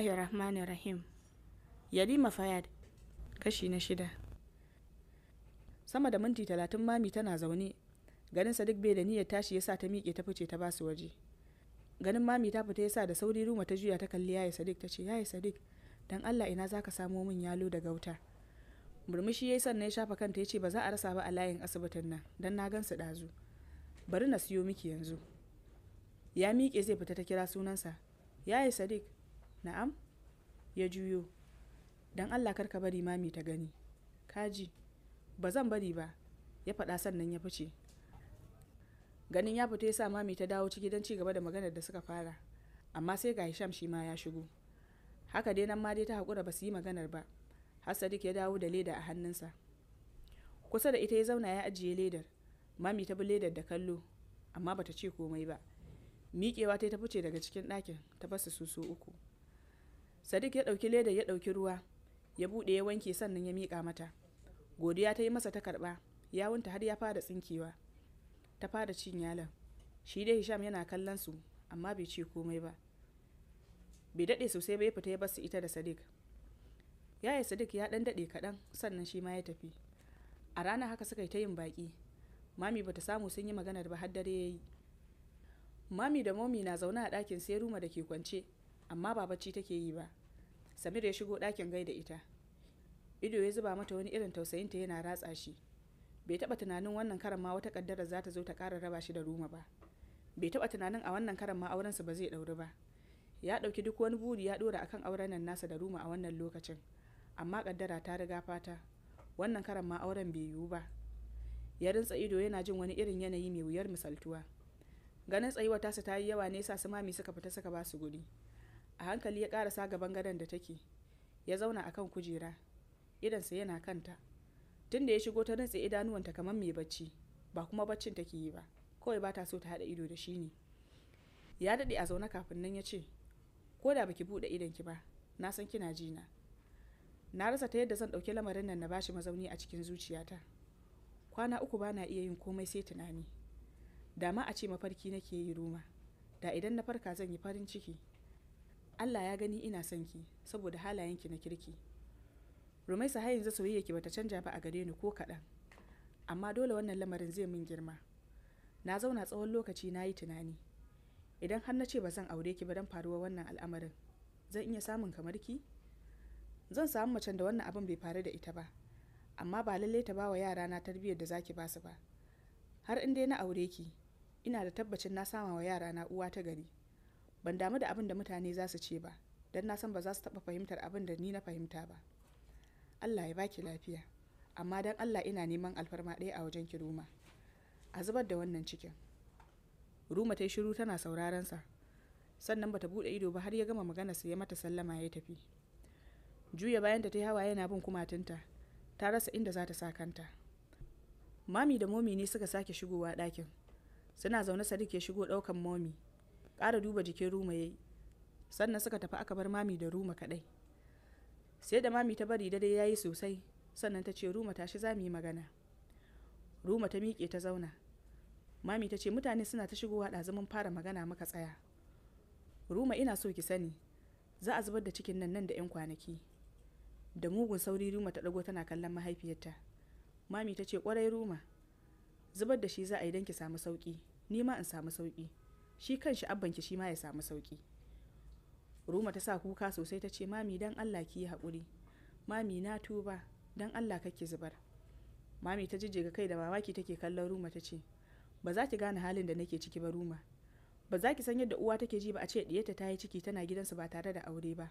Bismillahir Rahmanir Rahim. Yalima Fayad, kashi na shida. Sama da minti talatin mami tana zaune, ganin Sadiq bai da niyyar tashi yasa ta miƙe ta fice ta ba su waje. Ganin mami ta fita ya sa da sauri Ruma ta juya ta kalli yayi Sadiq ta ce yayi Sadiq, dan Allah ina zaka samo min yalo da gauta. Murmushi yayi sannan ya shafa kanta yace ba za a rasa ba a layin asibitin nan, dan na gansu dazu Bari na siyo miki yanzu. Ya miƙe zai fita ta kira sunansa. Yayi Sadiq, Na'am? Ya juyo. Don Allah kar ka bari mami ta gani. Kaji, ba zan bari ba, ya faɗa sannan ya fice. Ganin ya fito ya sa mami ta dawo ciki don ci gaba da maganar da suka fara. Amma sai ga Hisham shi ma ya shigo. Haka dai nan ma dai ta haƙura ba su yi maganar ba. Har Sadiq ya dawo da leda a hannunsa. Kusa da ita ya zauna ya ajiye ledar. Mami ta bi ledar da kallo, amma bata ce komai ba. Miƙewa ta ta fice daga cikin ɗakin ta basu su su uku. sadiq ya ɗauki leda ya ɗauki ruwa ya buɗe ya wanke sannan ya mika mata godiya ta yi masa ta karɓa yawunta har ya fara tsinkewa ta fara cin yalan shi dai hisham yana kallon su amma bai ce komai ba bai daɗe sosai ba ya fita ya bar su ita da sadiq yaya sadiq ya ɗan daɗe kaɗan sannan shi ma ya tafi a rana haka suka yi ta yin baƙi mami bata samu sun yi maganar ba har dare ya yi mami da momi na zaune a ɗakin sai ruma da ke kwance amma ba bacci take yi ba samir ya shigo dakin gai da ita ido ya zuba mata wani irin tausayinta yana ratsa shi bai taba tunanin wannan karan ma wata kaddara za ta zo ta ƙara raba shi da ruma ba bai taɓa tunanin a wannan karan ma sa ba zai dauri ba ya ɗauki duk wani buri ya dora akan auren nan nasa da ruma a wannan lokacin amma ƙaddara ta riga fata wannan karan ma auren bai yiwu ba ya rintsa ido yana jin wani irin yanayi mai wuyar misaltuwa ganin tsayuwa tasa ta yi yawa ne sa su mami suka fita suka ba su guri a hankali ya karasa gaban gadon da take ya zauna akan kujera idansa yana kanta tun da ya shigo ta nutse idanuwanta kamar mai bacci ba kuma baccin take yi ba kawai ba ta so ta haɗa ido da shi ne ya daɗe a zaune kafin nan ya ce ko da baki buɗe idonki ba na san kina jina na rasa ta yadda zan ɗauki lamarin nan na bashi mazauni a cikin zuciyata kwana uku ba na iya yin komai sai tunani da ma a ce mafarki nake yi ruma da idan na farka zan yi farin ciki Allah ya gani ina son ki saboda halayenki na kirki rumaisa har yanzu soyayya ki bata canja ba a gare ni ko kaɗan amma dole wannan lamarin zai min girma na zauna tsawon lokaci na yi tunani idan har na ce ba zan aure ki ba don faruwa wannan al'amarin zan iya samun kamar ki zan samu macen da wannan abin bai faru da ita ba amma ba lallai ta bawa yara na tarbiyyar da zaki ba su ba har in dai na aure ki ina da tabbacin na sama wa yara na uwa ta gari ban damu da abin da mutane za su ce ba don na san ba za su taɓa fahimtar abin da ni na fahimta ba allah ya baki lafiya amma don allah ina neman alfarma ɗaya a wajen ki ruma a zubar da wannan cikin ruma ta yi shiru tana sauraron sa sannan bata buɗe ido ba har ya gama magana sai ya mata sallama ya tafi juya bayan ta ta yi hawa yana bin kumatunta ta rasa inda za ta sa kanta mami da momi ne suka sake shigowa ɗakin suna zaune sadik ya shigo ɗaukan momi ƙara duba jikin ruma ya yi sannan suka tafi aka bar mami da ruma kaɗai sai da mami ta bari dare ya yi sosai sannan ta ce ruma tashi za mu yi magana ruma ta miƙe ta zauna mami ta ce mutane suna ta shigowa mun fara magana muka tsaya ruma ina so ki sani za a zubar da cikin nan nan da 'yan kwanaki da mugun sauri ruma ta ɗago tana kallon mahaifiyarta mami ta ce ƙwarai ruma zubar da shi za a yi don ki samu sauƙi ni ma in samu sauƙi shi kanshi abbanki shi ma ya samu sauki ruma ta sa kuka sosai ta ce mami dan allah ki yi haƙuri mami na tuba dan allah kake zubar mami ta jijjiga kai da mamaki take kallon ruma ta ce ba za ki gane halin da nake ciki ba ruma ba za ki san yadda uwa take ji ba a ce diyarta ta yi ciki tana gidansu ba tare da aure ba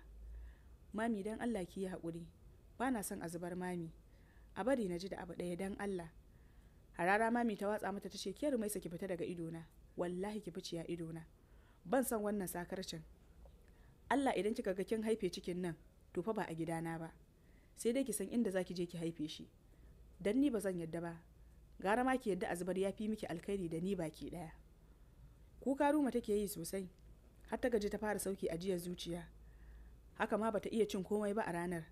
mami dan allah ki yi haƙuri ba na son a zubar mami a bari na ji da abu ɗaya dan allah harara mami ta watsa mata ta ce kiyar mai ki fita daga idona wallahi ki fice ya ido na ban san wannan sakarcin Allah idan kika ga kin haife cikin nan to fa ba a gidana ba sai dai ki san inda zaki je ki haife shi dan ni ba zan yadda ba gara ma ki yadda azbar ya fi miki alkhairi da ni baki daya kuka ruma take yi sosai har ta gaji ta fara sauki a ajiyar zuciya haka ma bata iya cin komai ba a ranar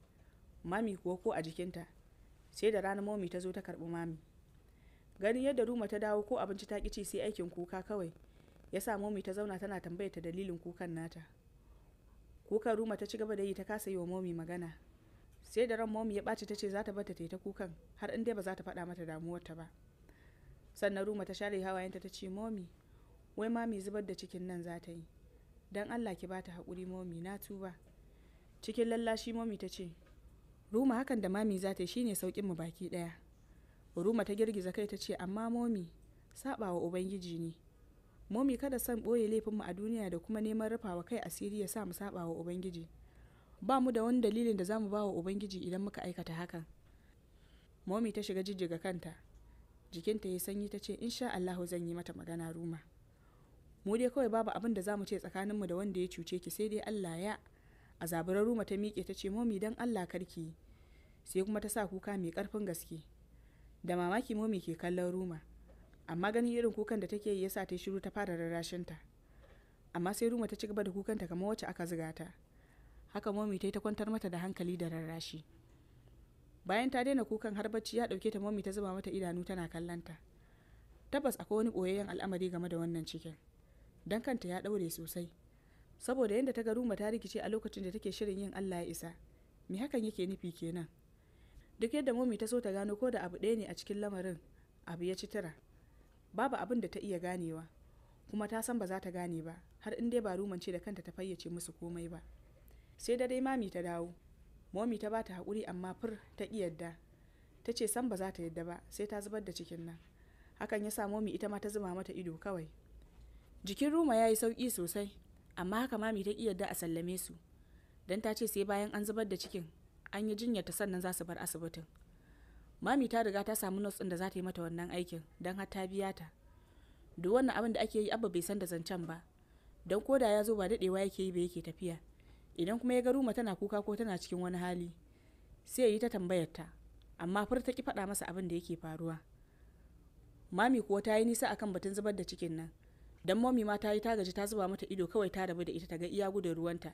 mami kuwa ko a jikinta sai da ranar momi ta zo ta karbi mami ganin yadda ruma ta dawo ko abinci ta ci sai aikin kuka kawai ya sa momi ta zauna tana tambaya ta dalilin kukan nata kukan ruma ta ci gaba da yi ta kasa yi wa momi magana sai da ran momi ya ɓaci ta ce za ta bata ta kukan har in dai ba za ta faɗa mata damuwar ta ba sannan ruma ta share hawayenta ta ce momi wai mami zubar da cikin nan za ta yi don allah ki ba ta haƙuri momi na tuba cikin lallashi momi ta ce ruma hakan da mami za ta yi shine sauƙin mu baki ɗaya Ruma ta girgiza kai ta ce amma momi saba wa ubangiji ne. Momi kada san ɓoye laifinmu a duniya da kuma neman rufawa kai asiri ya sa mu saba wa ubangiji. Ba mu da wani dalilin da za mu ba wa ubangiji idan muka aikata hakan. Momi ta shiga jijjiga kanta. Jikinta ya sanyi ta ce insha Allahu zan yi mata magana Ruma. Mu dai kawai babu abin da za mu ce tsakaninmu da wanda ya cuce ki sai dai Allah ya a zaburar Ruma ta miƙe ta ce momi don Allah karki sai kuma ta sa kuka mai karfin gaske. da mamaki momi ke kallon ruma amma ganin irin kukan da take yi yasa ta shiru ta fara rarrashin ta amma sai ruma ta ci gaba da kukanta kamar wacce aka ziga ta haka momi ta yi ta kwantar mata da hankali da rarrashi bayan ta daina kukan har bacci ya dauke ta momi ta zuba mata idanu tana kallon ta tabbas akwai wani boyayyen al'amari game da wannan cikin dan kanta ya daure sosai saboda yadda ta ga ruma ta rikice a lokacin da take shirin yin Allah ya isa me hakan yake nufi kenan duk yadda momi ta so ta gano ko da abu ɗaya ne a cikin lamarin abu ya ci tira babu abin da ta iya ganewa kuma ta san ba za ta gane ba har in dai ba rumance da kanta ta fayyace musu komai ba sai da dai mami ta dawo momi ta ba ta haƙuri amma fur ta ƙi yadda ta ce san ba za ta yadda ba sai ta zubar da cikin nan hakan ya sa momi ita ma ta zuma mata ido kawai jikin ruma ya yi sauƙi sosai amma haka mami ta ƙi yadda a sallame su don ta ce sai bayan an zubar da cikin an yi ta sannan za su bar asibitin mami ta riga ta samu nos da za ta yi mata wannan aikin don har ta biya ta duk wannan abin da ake yi abba bai san da zancen ba don ko da ya zo ba daɗewa yake yi ba yake tafiya idan kuma ya ga ruma tana kuka ko tana cikin wani hali sai ya yi ta tambayar ta amma fur ta ki faɗa masa abin da yake faruwa mami kuwa ta yi nisa akan batun zubar da cikin nan don mami ma ta yi ta gaji ta zuba mata ido kawai ta rabu da ita ta ga iya gudun ruwanta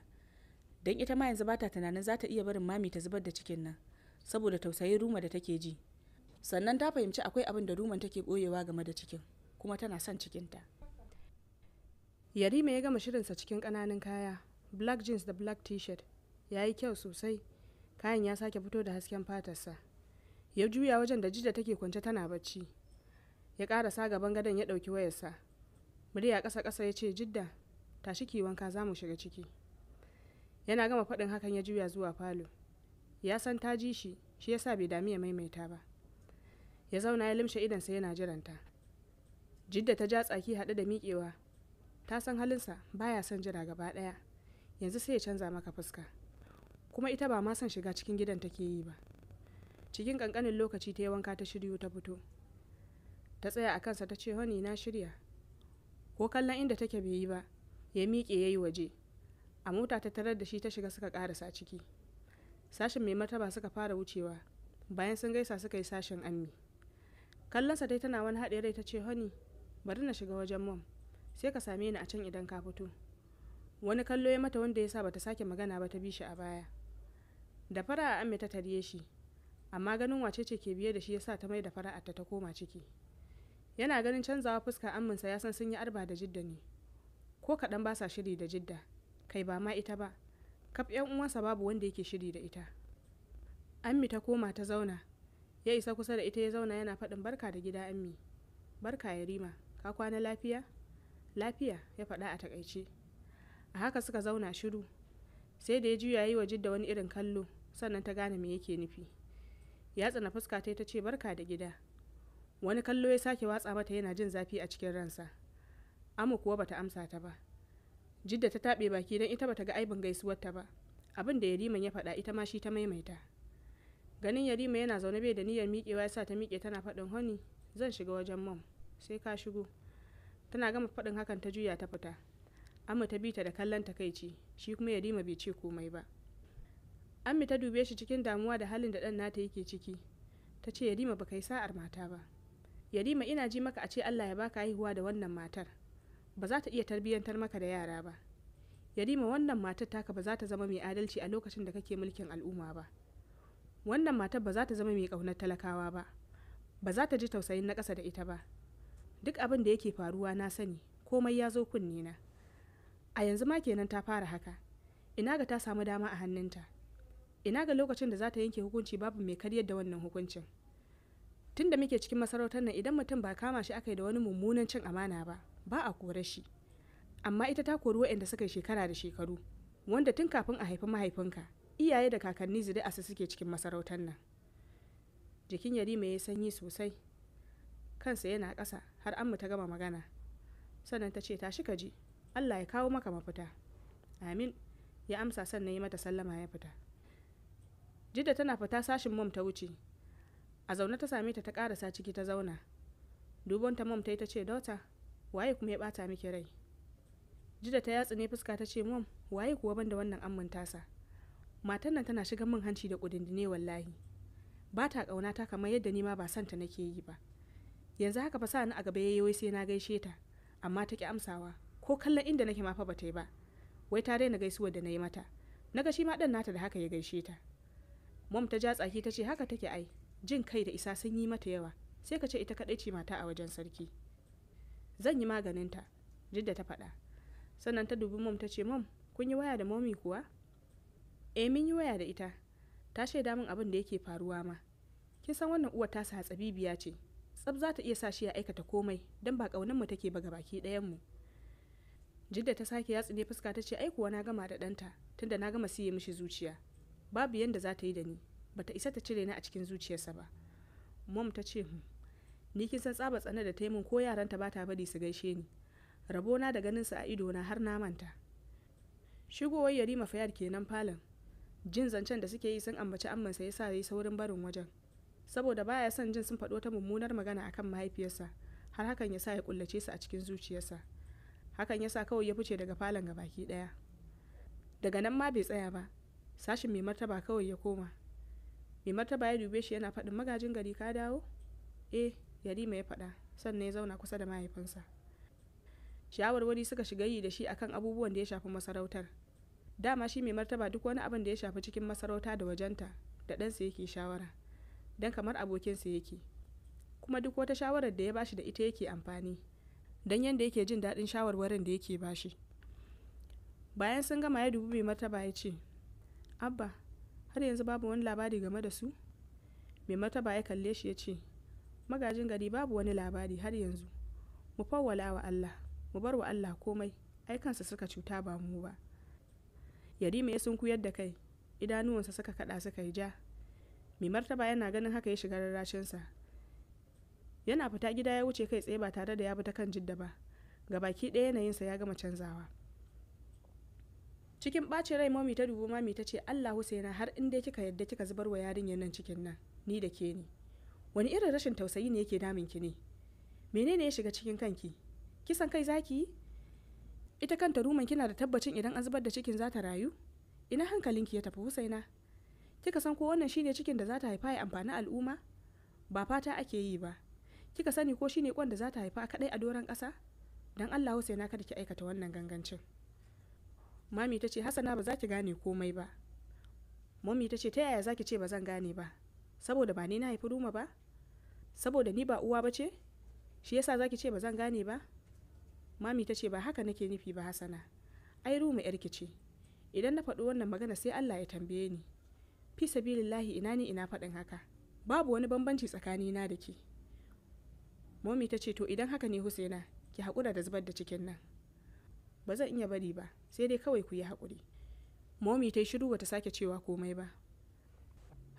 don ita ma yanzu bata tunanin za ta iya barin mami ta zubar da cikin nan saboda tausayin ruma da take ji sannan ta fahimci akwai abin da ruman take boyewa game da cikin kuma tana son cikinta yarima ya gama shirinsa cikin ƙananan kaya black jeans da black t-shirt ya yi kyau sosai kayan ya sake fito da hasken fatarsa ya juya wajen da jidda take kwance tana bacci ya karasa gaban gadon ya ɗauki wayarsa murya ƙasa-ƙasa ya ce jidda tashi ki wanka za mu shiga ciki yana gama faɗin hakan ya juya zuwa falo ya san ta ji shi shi ya sa bai dami ya maimaita ba ya zauna ya limshe idansa yana jiranta jidda ta ja tsaki haɗe da miƙewa ta san halinsa baya son jira gaba ɗaya yanzu sai ya canza maka fuska kuma ita ba ma son shiga cikin gidan ta ke yi ba cikin ƙanƙanin lokaci ta yi wanka ta shiryu ta fito ta tsaya a kansa ta ce honi na shirya ko kallon inda take bai yi ba ya miƙe ya yi waje a mota ta tarar da shi ta shiga suka karasa ciki sashen mai martaba suka fara wucewa bayan sun gaisa suka yi sashen ammi kallonsa dai tana wani haɗe rai ta ce honi bari na shiga wajen mom sai ka same ni a can idan ka fito wani kallo ya mata wanda ya sa bata sake magana ba ta bi shi a baya da fara amme ta tarye shi amma ganin wace ce ke biye da shi ya sa ta mai da fara'arta ta koma ciki yana ganin canzawa fuska amminsa ya san sun yi arba da jidda ne ko kaɗan ba sa shiri da jidda kai ba ma ita ba kaf yan uwansa babu wanda yake shiri da ita ammi ta koma ta zauna ya isa kusa da ita ya zauna yana faɗin barka da gida ammi barka ya rima ka kwana lafiya lafiya ya faɗa a takaice a haka suka zauna shiru sai da ya juya yi wa jidda wani irin kallo sannan ta gane me yake nufi ya tsana fuska ta ta ce barka da gida wani kallo ya sake watsa mata yana jin zafi a cikin ransa amu kuwa bata amsa ta ba jidda ta taɓe baki don ita bata ga aibin gaisuwar ta ba abin da yariman ya faɗa ita ma shi ta maimaita ganin yarima yana zaune bai da niyyar miƙewa ya sa ta miƙe tana faɗin honi zan shiga wajen mom sai ka shigo tana gama faɗin hakan ta juya ta fita amma ta bi ta da kallon takaici shi kuma yarima bai ce komai ba ammi ta dube shi cikin damuwa da halin da ɗan nata yake ciki ta ce yarima baka yi sa'ar mata ba yarima ina ji maka a ce allah ya baka haihuwa da wannan matar ba za ta iya tarbiyyantar maka da yara ba yarima wannan matar taka ba za ta zama mai adalci a lokacin da kake mulkin al'umma ba wannan matar ba za ta zama mai ƙaunar talakawa ba ba za ta ji tausayin na ƙasa da ita ba duk abin da yake faruwa na sani komai ya zo kunne na a yanzu ma kenan ta fara haka ina ga ta samu dama a hannunta ina ga lokacin da za ta yanke hukunci babu mai karyar da wannan hukuncin tun da muke cikin masarautar nan idan mutum ba kama shi aka yi da wani mummunan cin amana ba ba a kore shi amma ita ta kori waɗanda suka yi shekara da shekaru wanda tun kafin a haifi mahaifinka iyaye da kakanni zide asu suke cikin masarautar nan jikin yarima ya sanyi sosai kansa yana ƙasa har an ta gama magana sannan ta ce tashi ka ji allah ya kawo maka mafita amin ya amsa sannan ya mata sallama ya fita jidda tana fita sashin mom ta wuce a zaune ta same ta ta karasa ciki ta zauna dubon ta mom ta yi ta ce dauta waye kuma ya bata miki rai jida ta yatsa ne fuska ta ce mom waye kuwa banda wannan amman tasa matan nan tana shiga min hanci da kudindine wallahi ba ta ƙaunata kamar yadda ni ma ba santa nake yi ba yanzu haka fa sa ni a gaba yayi wai sai na gaishe ta amma ta ki amsawa ko kallon inda nake ma fa ta yi ba wai ta daina gaisuwar da na yi mata naga shi ma dan nata da haka ya gaishe ta mom ta ja tsaki ta ce haka take ai jin kai da isa sun yi mata yawa sai ka ce ita kaɗai ce mata a wajen sarki zan yi maganinta jidda ta faɗa sannan ta dubi mom ta ce mom kun yi waya da momi kuwa eh mun yi waya da ita ta shaida min abin da yake faruwa ma kin san wannan uwar tasa tsabibiya ce tsab za ta iya sa shi ya aikata komai don ba ƙaunar mu take ba baki ɗayan mu jidda ta sake ya ne fuska ta ce ai kuwa na gama da ɗanta tunda na gama siye mishi zuciya babu yanda za ta yi da ni bata isa ta cire ni a cikin zuciyarsa ba mom ta ce hmm. ni kin san tsaba tsane da taimun ko yaran ta bata bari su gaishe ni rabona da ganin sa a ido na har na manta shigowar yarima fayar kenan falon jin zancen da suke yi sun ambaci sa yasa yayi saurin barin wajen saboda baya son jin sun faɗo ta mummunar magana akan mahaifiyarsa har hakan yasa ya kullace su a cikin zuciyarsa hakan yasa kawai ya fice daga falon gabaki ɗaya daga nan ma bai tsaya ba sashin mai martaba kawai ya koma mai martaba ya dube shi yana faɗin magajin gari ka dawo eh yarima ya faɗa sannan ya zauna kusa da mahaifinsa shawarwari suka shiga yi da shi akan abubuwan da ya shafi masarautar dama shi mai martaba duk wani abin da ya shafi cikin masarauta da wajenta da ɗansa yake shawara don kamar abokinsa yake kuma duk wata shawarar da ya bashi da ita yake amfani don yadda yake jin daɗin shawarwarin da yake bashi bayan sun gama ya dubi mai martaba ya ce abba har yanzu babu wani labari game da su mai martaba ya kalle shi ya ce magajin gari babu wani labari har yanzu mu fawwala wa Allah mu bar wa Allah komai ai kansa suka cuta ba mu ba yarima ya sunkuyar da kai idanuwansa suka kada suka yi ja mai martaba yana ganin haka ya shiga rarrashinsa yana fita gida ya wuce kai tsaye ba tare da ya ta kan jidda ba ga baki ɗaya yanayinsa ya gama canzawa cikin ɓacin rai mami ta dubu mami ta ce allah husaina har in dai kika yadda kika zubar wa yarinyar nan cikin nan ni da ke ni wani irin rashin tausayi ne yake damin ki ne menene ya shiga cikin kanki kisan kai zaki yi ita kanta ruman kina da tabbacin idan an zubar da cikin za ta rayu ina hankalinki ya tafi husaina kika san ko wannan shine cikin da za ta haifa ya amfani al'umma ba fata ake yi ba kika sani ko shine kwan da za ta haifa kadai a doron ƙasa dan Allah husaina kada ki aikata wannan gangancin mami ta ce hasana ba za ki gane komai ba mami ta ce ta yaya za ki ce ba zan gane ba saboda ba ni na haifi ruma ba saboda ni ba uwa bace shi yasa zaki ce ba zan gane ba mami ta ce ba haka nake nufi ba hasana ai ruma yarki ce idan na faɗo wannan magana sai allah ya tambaye ni fi sabilillahi ina ni ina faɗin haka babu wani bambanci tsakani na da ke momi ta ce to idan haka ne husaina ki haƙura da zubar da cikin nan ba zan iya bari ba sai dai kawai ku yi haƙuri momi ta yi shiru bata sake cewa komai ba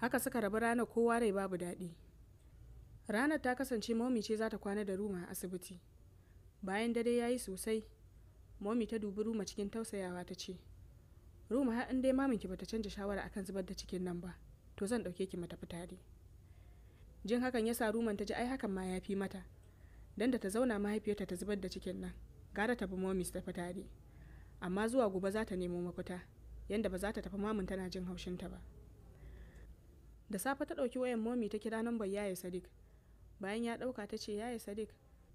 haka suka rabu ranar kowa rai babu daɗi ranar ta kasance momi ce za ta kwana da ruma a asibiti bayan dare ya yi sosai momi ta dubi ruma cikin tausayawa ta ce ruma har in dai maminki bata canja shawara akan zubar da cikin nan ba to zan ɗauke ki mata tare jin hakan ya sa ruman ta ji ai hakan ma ya fi mata dan da ta zauna mahaifiyarta ta zubar da cikin nan gara ta bi momis ta tare amma zuwa gobe za ta nemo mafita yanda ba za ta tafi mamin tana jin haushinta ba da safe ta ɗauki wayan momi ta kira nambar yaya sadiq bayan ya ɗauka ta ce yaya sadiq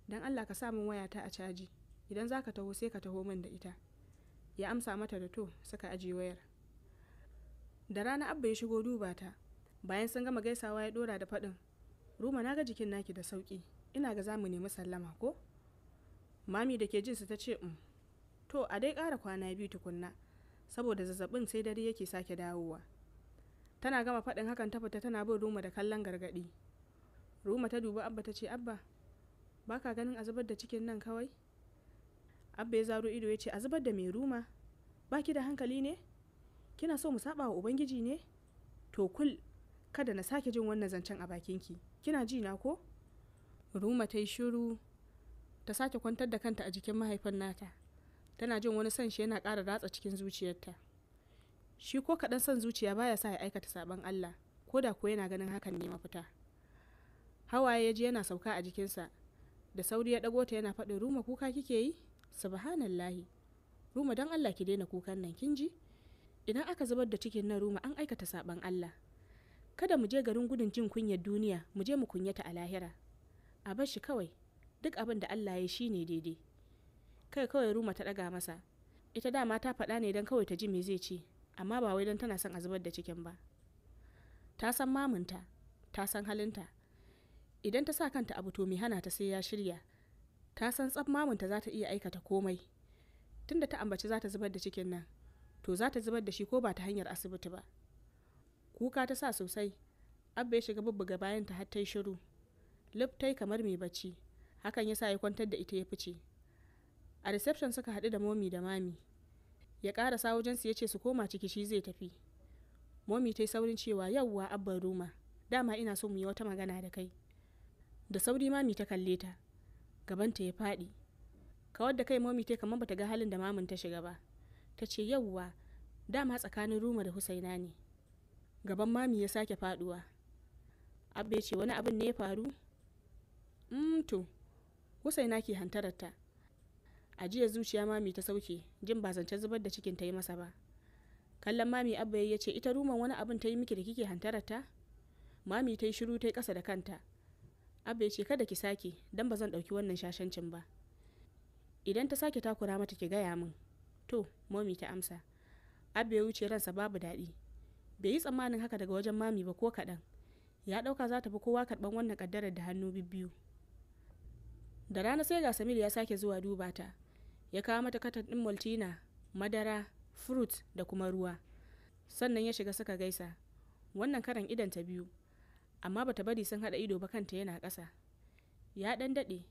don allah ka sa min wayata a caji idan za ka taho sai ka taho min da ita ya amsa mata da to suka ajiye wayar da rana abba ya shigo duba ta bayan sun gama gaisawa ya ɗora da faɗin ruma na ga jikin naki da sauƙi ina ga zamu nemi sallama ko mami da ke jin su ta ce um to a dai ƙara kwana biyu tukunna saboda zazzabin sai dare yake sake dawowa tana gama faɗin hakan ta fita tana bin ruma da kallon gargaɗi ruma ta dubi abba ta ce abba ba ka ganin a zubar da cikin nan kawai abba ya zaro ido ya ce a zubar da mai ruma ba ki da hankali ne kina so mu saba wa ubangiji ne to kul kada na sake jin wannan zancen a bakin ki kina ji na ko ruma ta yi shiru ta sake kwantar da kanta a jikin mahaifin nata tana jin wani son shi yana kara ratsa cikin zuciyarta shi ko kaɗan son zuciya baya sa ya aikata sabon allah ko da ko yana ganin hakan ne mafita hawaye ya ji yana sauka a jikinsa da sauri ya ɗago ta yana faɗin ruma kuka kike yi subhanallahi ruma don allah ki daina kukan nan kin ji idan aka zubar da cikin nan ruma an aikata saɓan allah kada mu je garin gudun jin kunyar duniya mu je mu kunyata a lahira a bar shi kawai duk abin da allah ya shi ne daidai kai kawai ruma ta ɗaga masa ita dama ta faɗa ne don kawai ta ji me zai ce amma ba wai don tana son a zubar da cikin ba ta san mamunta ta san halinta idan ta sa kanta abu to mai hana ta sai ya shirya ta san tsab mamunta za ta iya aikata komai tunda ta ambaci za ta zubar da cikin nan to za ta zubar da shi ko ba ta hanyar asibiti ba kuka ta sa sosai abba ya shiga bubbuga bayan ta har ta shiru luftai kamar mai bacci hakan ya sa ya kwantar da ita ya fice a reception suka haɗu da momi da mami ya ƙarasa wajensu ya ce su koma ciki shi zai tafi momi ta yi saurin cewa yauwa Abba ruma dama ina so mu yi wata magana da kai da sauri mami ta kalle ta gabanta ya faɗi kawar da kai Mami ta kamar bata ga halin da mamin ta shiga ba ta ce yauwa dama tsakanin ruma da husaina ne gaban mami ya sake faduwa abba ya ce wani abin ne ya faru mm, to husaina ke hantararta a jiya zuciya mami ta sauke jin ba zance zubar da cikin ta yi masa ba kallon mami abba ya ce ita ruman wani abin ta yi miki da kike hantararta mami ta yi shiru ta yi ƙasa da kanta Abba ya ce kada ki sake don ba zan ɗauki wannan shashancin ba. Idan ta sake takura mata ki gaya min. To, momi ta amsa. Abba ya wuce ransa babu daɗi. Bai yi tsammanin haka daga wajen mami ba ko kaɗan. Ya ɗauka za ta fi kowa karɓan wannan ƙaddarar da hannu biyu-biyu. Da rana sai ga Samir ya sake zuwa duba ta. Ya kawo mata katan ɗin Maltina, madara, fruit da kuma ruwa. Sannan ya shiga suka gaisa. Wannan karan ta biyu. amma bata bari sun haɗa ido ba kanta yana ƙasa ya ɗan daɗe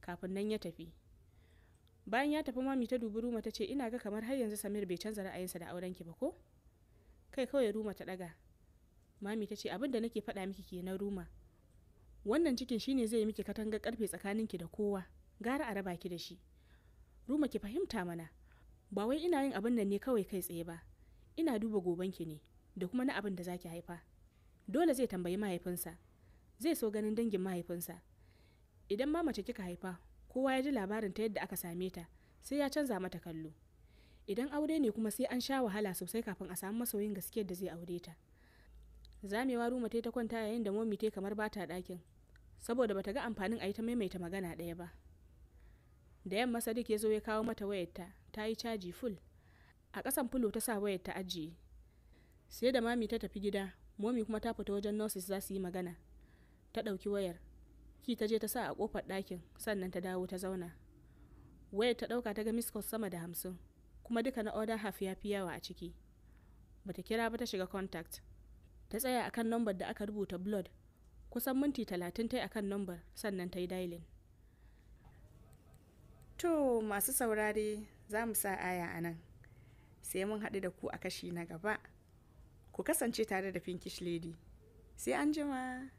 kafin nan ya tafi bayan ya tafi mami ta dubi ruma ta ce ina ga kamar har yanzu samir bai canza ra'ayinsa da auren ki ba ko kai kawai ruma ta ɗaga mami ta ce abin da nake faɗa miki kenan ruma wannan cikin shine zai miki katanga karfe tsakanin ki da kowa gara a raba ki da shi ruma ki fahimta mana ba wai ina yin abin nan ne kawai kai tsaye ba ina duba gobanki ne da kuma na abin da zaki haifa dole zai tambayi mahaifinsa zai so ganin dangin mahaifinsa idan ma mace kika haifa kowa ya ji labarin ta yadda aka same ta sai ya canza mata kallo idan aure ne kuma sai an sha wahala sosai kafin a samu masoyin gaskiyar da zai aure ta zamewa ruma ta kwanta yayin da momi ta kamar bata dakin, saboda bata ga amfanin a yi ta maimaita magana ɗaya ba da yamma sadiq ya zo ya kawo mata wayarta ta yi caji full a ƙasan fulo ta sa wayar ta ajiye sai da mami ta tafi gida momi kuma ta fita wajen nurses za su yi magana ta ɗauki wayar ki ta je ta sa a kofar ɗakin sannan ta dawo ta zauna wayar ta ɗauka ta ga miskos sama da hamsin kuma duka na order half ya fi yawa a ciki bata kira ba ta shiga contact ta tsaya akan nambar da aka rubuta blood kusan minti talatin ta yi akan nambar sannan ta yi dialing to masu saurare za mu sa aya a nan sai mun haɗu da ku a kashi na gaba ku kasance tare da pinkish lady sai an jima